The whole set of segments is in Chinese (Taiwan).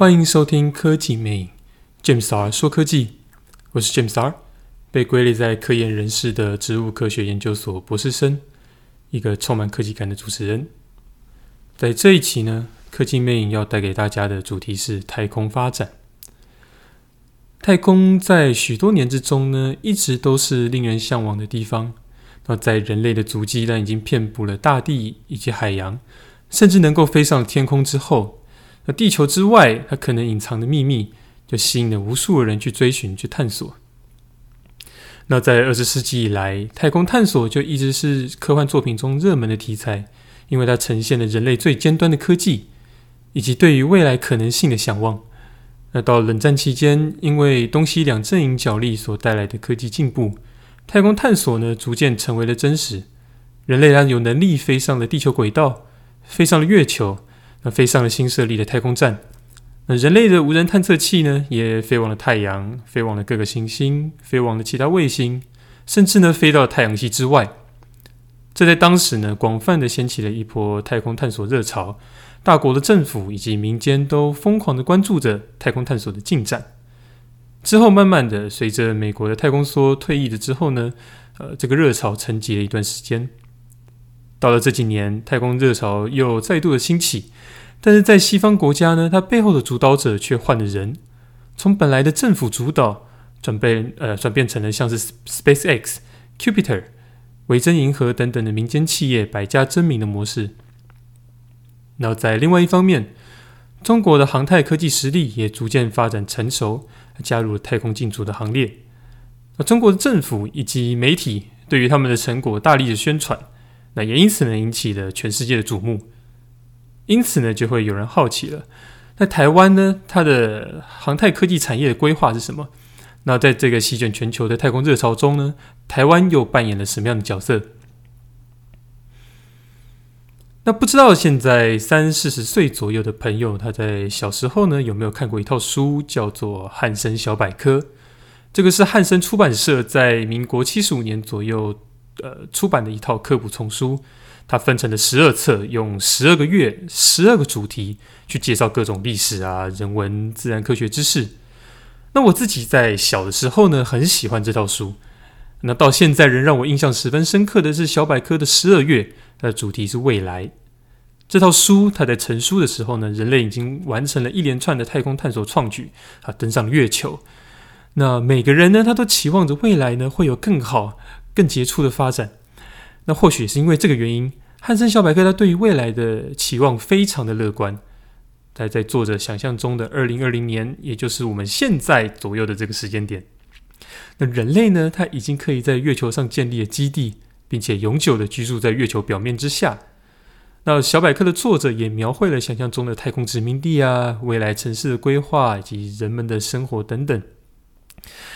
歡迎收聽《科技魅癮》，James R 說科技，我是 James R，被歸類在科研人士的植物科學研究所博士生，一個充滿科技感的主持人。在這一期呢，《科技魅癮》要帶給大家的主題是太空發展。太空在許多年之中呢，一直都是令人向往的地方。那在人類的足跡呢，已經遍布了大地以及海洋，甚至能夠飛上天空之後。那地球之外，它可能隱藏的秘密，就吸引了無數人去追尋、去探索。那在二十世紀以來，太空探索就一直是科幻作品中熱門的題材，因為它呈現了人類最尖端的科技，以及對於未來可能性的向往。那到冷戰期間，因為東西兩陣營角力所帶來的科技進步，太空探索呢逐漸成為了真實。人類呢，有能力飛上了地球軌道，飛上了月球。那飛上了新設立的太空站，那人類的無人探測器呢，也飛往了太陽，飛往了各個行星，飛往了其他衛星，甚至呢飛到了太陽系之外。這在當時呢，廣泛的掀起了一波太空探索熱潮，大國的政府以及民間都瘋狂的關注着太空探索的進展。之後慢慢的，隨着美國的太空梭退役了之後呢，呃，這個熱潮沉寂了一段時間。到了這幾年，太空熱潮又再度的興起，但是在西方國家呢，它背後的主導者卻換了人，從本來的政府主導轉變呃轉變成了像是 SpaceX、Cupiter、維珍銀河等等的民間企業百家爭鳴的模式。那在另外一方面，中國的航太科技實力也逐漸發展成熟，加入了太空競逐的行列。那中國的政府以及媒體對於他們的成果大力的宣傳。那也因此呢引起了全世界的矚目，因此呢就會有人好奇了。那台灣呢，它的航太科技產業的規劃是什麼？那在這個席捲全球的太空熱潮中呢，台灣又扮演了什麼樣的角色？那不知道現在三四十歲左右的朋友，他在小時候呢有沒有看過一套書叫做《漢聲小百科》？這個是漢聲出版社在民國七十五年左右。呃，出版的一套科普叢書，它分成了十二冊，用十二個月、十二個主題去介紹各種歷史啊、人文、自然科學知識。那我自己在小的時候呢，很喜歡這套書。那到現在，仍讓我印象十分深刻的是小百科的十二月，它的主題是未來。這套書它在成書的時候呢，人類已經完成了一連串的太空探索創舉，啊，登上月球。那每個人呢，他都期望着未來呢，會有更好。更傑出的發展，那或許也是因為這個原因，漢森小百科他對於未來的期望非常的樂觀。他在作者想象中的二零二零年，也就是我們現在左右的這個時間點，那人類呢，他已經可以在月球上建立了基地，並且永久的居住在月球表面之下。那小百科的作者也描繪了想象中的太空殖民地啊、未來城市的規劃以及人們的生活等等。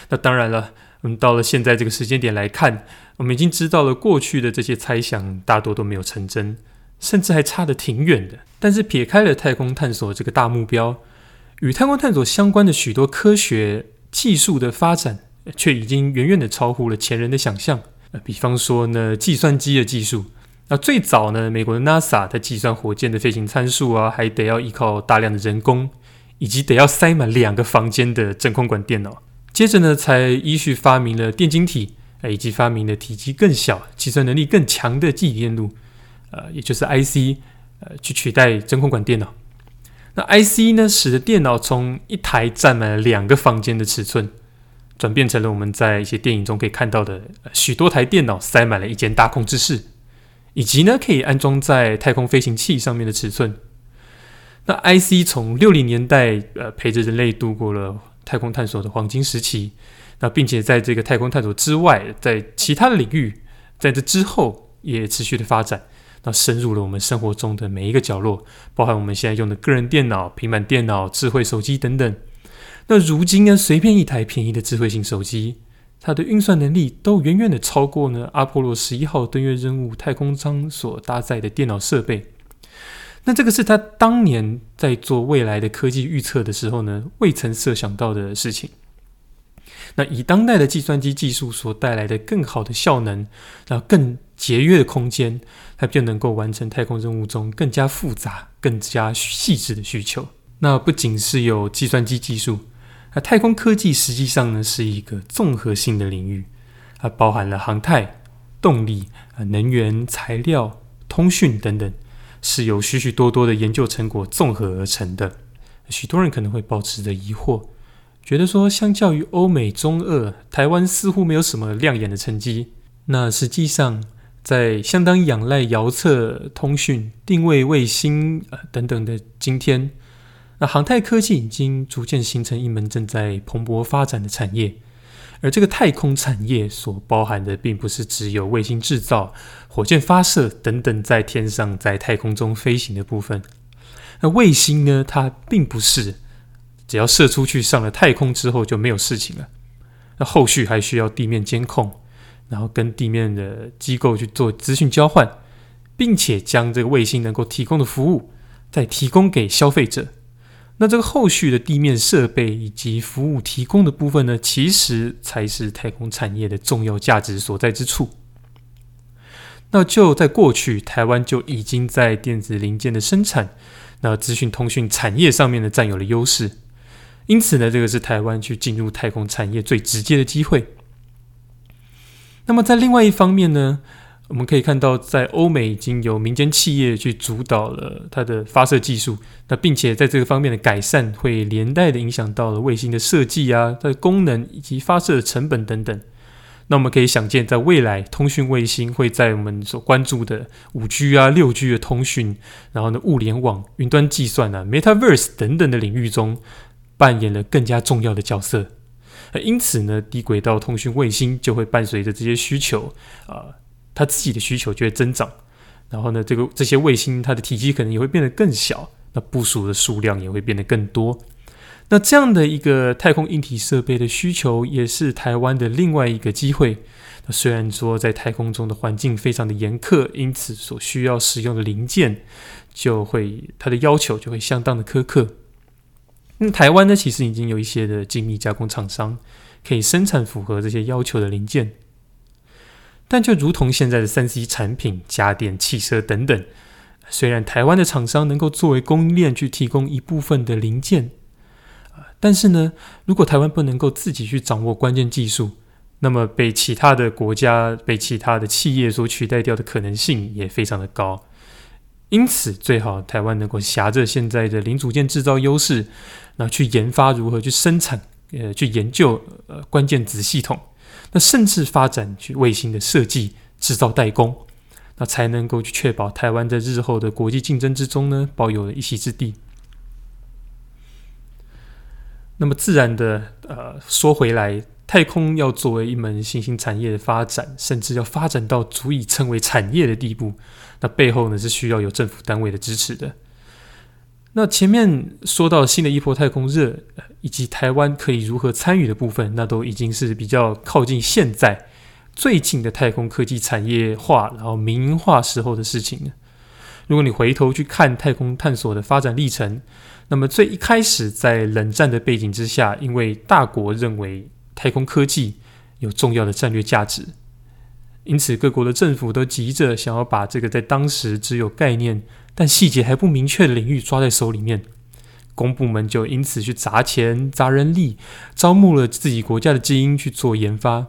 那當然了。我、嗯、到了現在這個時間點來看，我們已經知道了過去的這些猜想大多都沒有成真，甚至還差得挺遠的。但是撇開了太空探索這個大目標，與太空探索相關的許多科學技術的發展，卻已經遠遠的超乎了前人的想象。呃，比方說呢，計算機的技術。那最早呢，美國的 NASA 在計算火箭的飛行參數啊，還得要依靠大量的人工，以及得要塞滿兩個房間的真空管電腦。接着呢，才依序發明了電晶體，呃，以及發明了體積更小、計算能力更強的積體電路，呃，也就是 I C，呃，去取代真空管電腦。那 I C 呢，使得電腦從一台占滿了兩個房間的尺寸，轉變成了我們在一些電影中可以看到的，呃，許多台電腦塞滿了一間大控制室，以及呢，可以安裝在太空飛行器上面的尺寸。那 I C 從六零年代，呃，陪着人類度過了太空探索的黃金時期，那並且在這個太空探索之外，在其他的領域，在這之後也持續的發展，那深入了我們生活中的每一個角落，包含我們現在用的個人電腦、平板電腦、智慧手機等等。那如今呢，隨便一台便宜的智慧型手機，它的運算能力都遠遠的超過呢阿波羅十一號登月任務太空艙所搭載的電腦設備。那這個是他當年在做未來的科技預測的時候呢，未曾設想到的事情。那以當代的計算機技術所帶來的更好的效能，然後更節約的空間，它就能夠完成太空任務中更加複雜、更加細緻的需求。那不僅是有計算機技術，啊，太空科技實際上呢是一個綜合性的領域，它包含了航太、動力、啊，能源、材料、通訊等等。是由許許多多的研究成果綜合而成的。許多人可能會抱持着疑惑，覺得說，相較於歐美、中、俄、台灣，似乎沒有什麼亮眼的成績。那實際上，在相當仰賴遙測、通訊、定位衛星呃等等的今天，那航太科技已經逐漸形成一門正在蓬勃發展的產業。而這個太空產業所包含的，並不是只有衛星製造、火箭發射等等在天上、在太空中飛行的部分。那衛星呢，它並不是只要射出去上了太空之後就沒有事情了。那後續還需要地面監控，然後跟地面的機構去做資訊交換，並且將這個衛星能夠提供的服務再提供給消費者。那這個後續的地面設備以及服務提供的部分呢，其實才是太空產業的重要價值所在之處。那就在過去，台灣就已經在電子零件的生產、那資訊通訊產業上面呢，佔有了優勢。因此呢，這個是台灣去進入太空產業最直接的機會。那麼在另外一方面呢，我們可以看到，在歐美已經由民間企業去主導了它的發射技術，那並且在這個方面的改善，會連帶的影響到了衛星的設計啊、它的功能以及發射的成本等等。那我們可以想見，在未來，通訊衛星會在我們所關注的五 G 啊、六 G 的通訊，然後呢，物聯網、雲端計算啊、Metaverse 等等的領域中，扮演了更加重要的角色。因此呢，低軌道通訊衛星就會伴隨着這些需求啊。呃它自己的需求就會增長，然後呢，這個這些衛星它的體積可能也會變得更小，那部署的數量也會變得更多。那這樣的一個太空硬體設備的需求，也是台灣的另外一個機會。那雖然說在太空中的環境非常的嚴苛，因此所需要使用的零件就會它的要求就會相當的苛刻。那、嗯、台灣呢，其實已經有一些的精密加工廠商可以生產符合這些要求的零件。但就如同現在的 3C 產品、家電、汽車等等，雖然台灣的廠商能夠作為供應鏈去提供一部分的零件，啊，但是呢，如果台灣不能夠自己去掌握關鍵技術，那麼被其他的國家、被其他的企業所取代掉的可能性也非常的高。因此，最好台灣能夠挾着現在的零組件制造優勢，然後去研發如何去生產，呃，去研究呃關鍵子系統。那甚至發展去衛星的設計、製造代工，那才能夠去確保台灣在日後的國際競爭之中呢，保有了一席之地。那麼自然的，呃，說回來，太空要作為一門新興產業的發展，甚至要發展到足以稱為產業的地步，那背後呢，是需要有政府單位的支持的。那前面說到新的一波太空熱，以及台灣可以如何參與的部分，那都已經是比較靠近現在最近的太空科技產業化，然後民營化時候的事情了。如果你回頭去看太空探索的發展歷程，那麼最一開始在冷戰的背景之下，因為大國認為太空科技有重要的戰略價值，因此各國的政府都急着想要把這個在當時只有概念。但細節還不明確的領域抓在手裡面，公部門就因此去砸錢、砸人力，招募了自己國家的精英去做研發。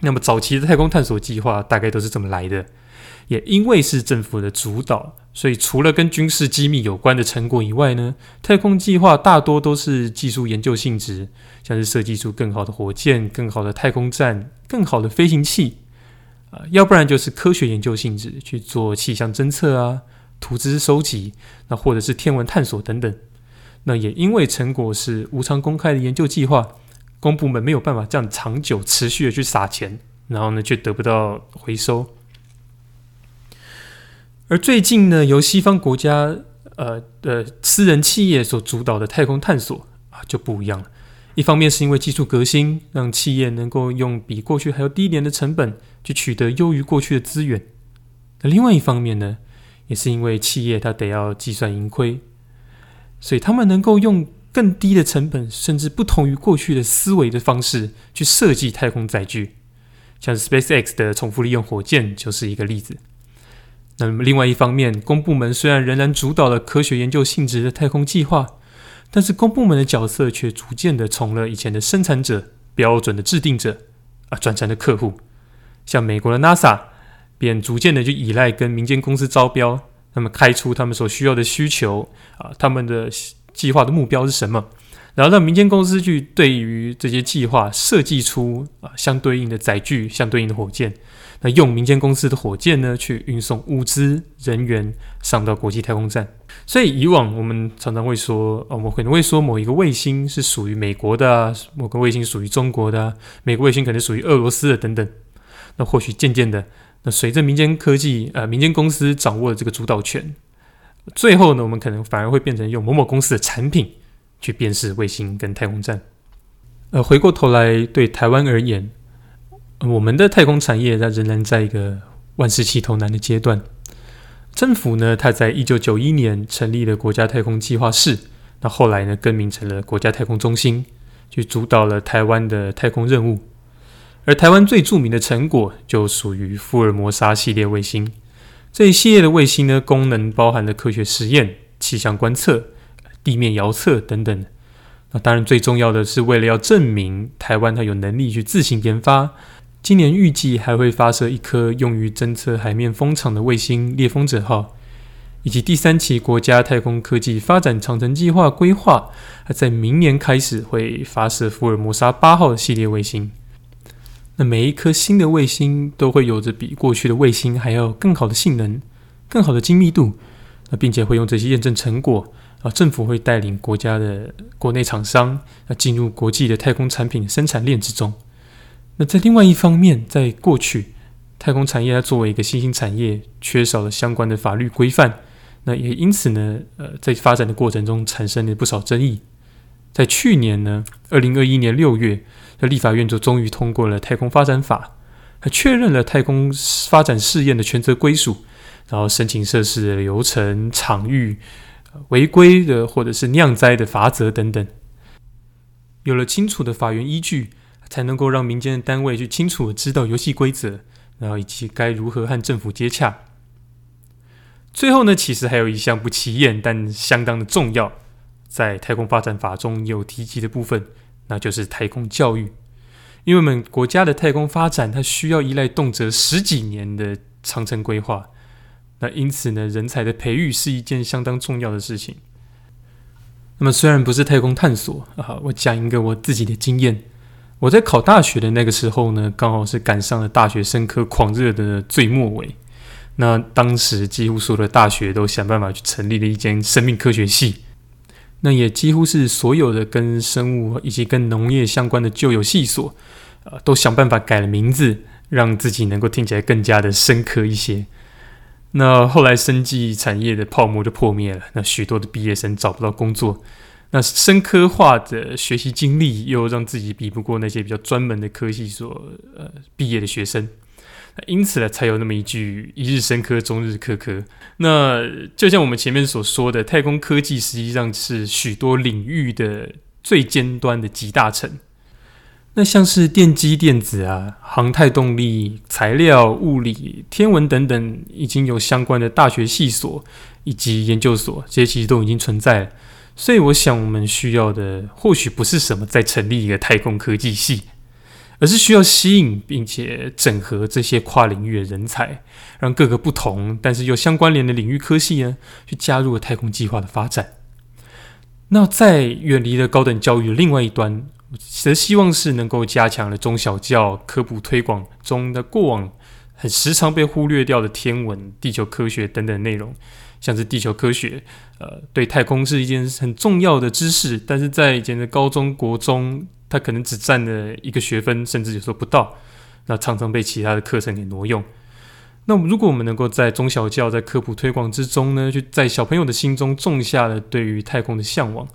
那麼早期的太空探索計劃大概都是這麼來的，也因為是政府的主導，所以除了跟軍事機密有關的成果以外呢，太空計劃大多都是技術研究性質，像是設計出更好的火箭、更好的太空站、更好的飛行器，啊、呃，要不然就是科學研究性質去做氣象偵測啊。圖資收集，那或者是天文探索等等，那也因為成果是無償公開的研究計劃，公部門沒有辦法這樣長久持續的去撒錢，然後呢，卻得不到回收。而最近呢，由西方國家呃的、呃、私人企業所主導的太空探索啊就不一樣了。一方面是因為技術革新，讓企業能夠用比過去還要低廉的成本去取得優於過去的資源；那另外一方面呢？也是因為企業它得要計算盈虧，所以他們能夠用更低的成本，甚至不同於過去的思維的方式去設計太空載具，像是 SpaceX 的重複利用火箭就是一個例子。那麼，另外一方面，公部門雖然仍然主導了科學研究性質的太空計劃，但是公部門的角色卻逐漸的從了以前的生產者、標準的制定者，啊，轉成了客戶，像美國的 NASA。逐漸的去依賴跟民間公司招標，那麼開出他們所需要的需求啊，他們的計劃的目標是什麼？然後讓民間公司去對於這些計劃設計出啊相對應的載具、相對應的火箭。那用民間公司的火箭呢，去運送物資、人員上到國際太空站。所以以往我們常常會說，哦，我們可能會說某一個衛星是屬於美國的、啊，某個衛星屬於中國的、啊，美國衛星可能屬於俄羅斯的等等。那或許漸漸的，那隨着民間科技呃民間公司掌握了這個主導權，最後呢，我們可能反而會變成用某某公司的產品去辨識衛星跟太空站。呃，回過頭來，對台灣而言，呃，我們的太空產業它仍然在一個萬事起頭難的階段。政府呢，它在一九九一年成立了國家太空計劃室，那後來呢，更名成了國家太空中心，去主導了台灣的太空任務。而台灣最著名的成果就屬於福爾摩沙系列衛星。這一系列的衛星呢，功能包含了科學實驗、氣象觀測、地面遙測等等。那當然最重要的是為了要證明台灣它有能力去自行研發。今年預計還會發射一顆用於偵測海面風場的衛星“獵風者號”，以及第三期國家太空科技發展長程計劃規劃，它在明年開始會發射福爾摩沙八號系列衛星。那每一顆新的衛星都會有着比過去的衛星還要更好的性能、更好的精密度。那並且會用這些驗證成果，啊，政府會帶領國家的國內廠商啊進入國際的太空產品生產鏈之中。那在另外一方面，在過去太空產業它作為一個新興產業，缺少了相關的法律規範。那也因此呢，呃，在發展的過程中產生了不少爭議。在去年呢，2021年6月。立法院就終於通過了太空發展法，還確認了太空發展試驗的權責歸屬，然後申請設施的流程、場域、違規的或者是釀災的罰則等等，有了清楚的法源依據，才能夠讓民間的單位去清楚的知道遊戲規則，然後以及該如何和政府接洽。最後呢，其實還有一項不起眼但相當的重要，在太空發展法中有提及的部分。那就是太空教育，因為我們國家的太空發展，它需要依賴動輒十幾年的長程規劃。那因此呢，人才的培育是一件相當重要的事情。那麼，雖然不是太空探索啊，我講一個我自己的經驗。我在考大學的那個時候呢，剛好是趕上了大學生科狂熱的最末尾。那當時，幾乎所有的大學都想辦法去成立了一間生命科學系。那也幾乎是所有的跟生物以及跟農業相關的舊有系所，呃，都想辦法改了名字，讓自己能夠聽起來更加的生科一些。那後來生技產業的泡沫就破滅了，那許多的畢業生找不到工作，那生科化的學習經歷又讓自己比不過那些比較專門的科系所，呃，畢業的學生。因此呢，才有那麼一句“一日升科，終日科科”。那就像我們前面所說的，太空科技實際上是許多領域的最尖端的集大成。那像是電機電子啊、航太動力、材料、物理、天文等等，已經有相關的大學系所以及研究所，這些其實都已經存在了。所以，我想我們需要的或許不是什麼再成立一個太空科技系。而是需要吸引並且整合這些跨領域的人才，讓各個不同但是又相關聯的領域科系呢，去加入了太空計劃的發展。那在遠離了高等教育的另外一端，則希望是能夠加強了中小教科普推廣中的過往很時常被忽略掉的天文、地球科學等等內容，像是地球科學，呃，對太空是一件很重要的知識，但是在以前的高中國中。他可能只佔了一個學分，甚至有時候不到，那常常被其他的課程給挪用。那麼如果我們能夠在中小教在科普推廣之中呢，就在小朋友的心中種下了對於太空的嚮往，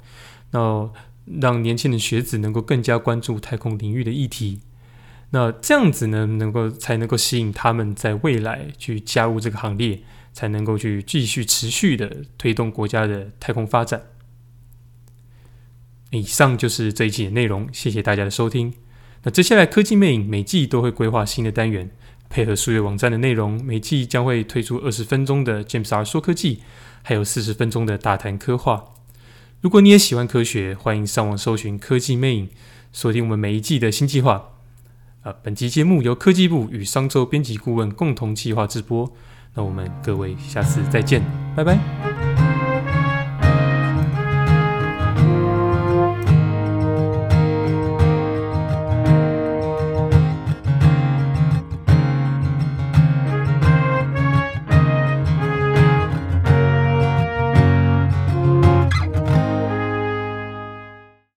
那讓年輕的學子能夠更加關注太空領域的議題，那這樣子呢，能夠才能夠吸引他們在未來去加入這個行列，才能夠去繼續持續的推動國家的太空發展。以上就是這一季的內容，謝謝大家的收聽。那接下來，《科技魅癮》每季都會規劃新的單元，配合數月網站的內容，每季將會推出二十分鐘的 James R 說科技，還有四十分鐘的大談科幻。如果你也喜歡科學，歡迎上網搜尋《科技魅癮》，鎖定我們每一季的新計劃。啊，本集節目由科技部與商周編輯顧問共同計劃直播。那我們各位下次再見，拜拜。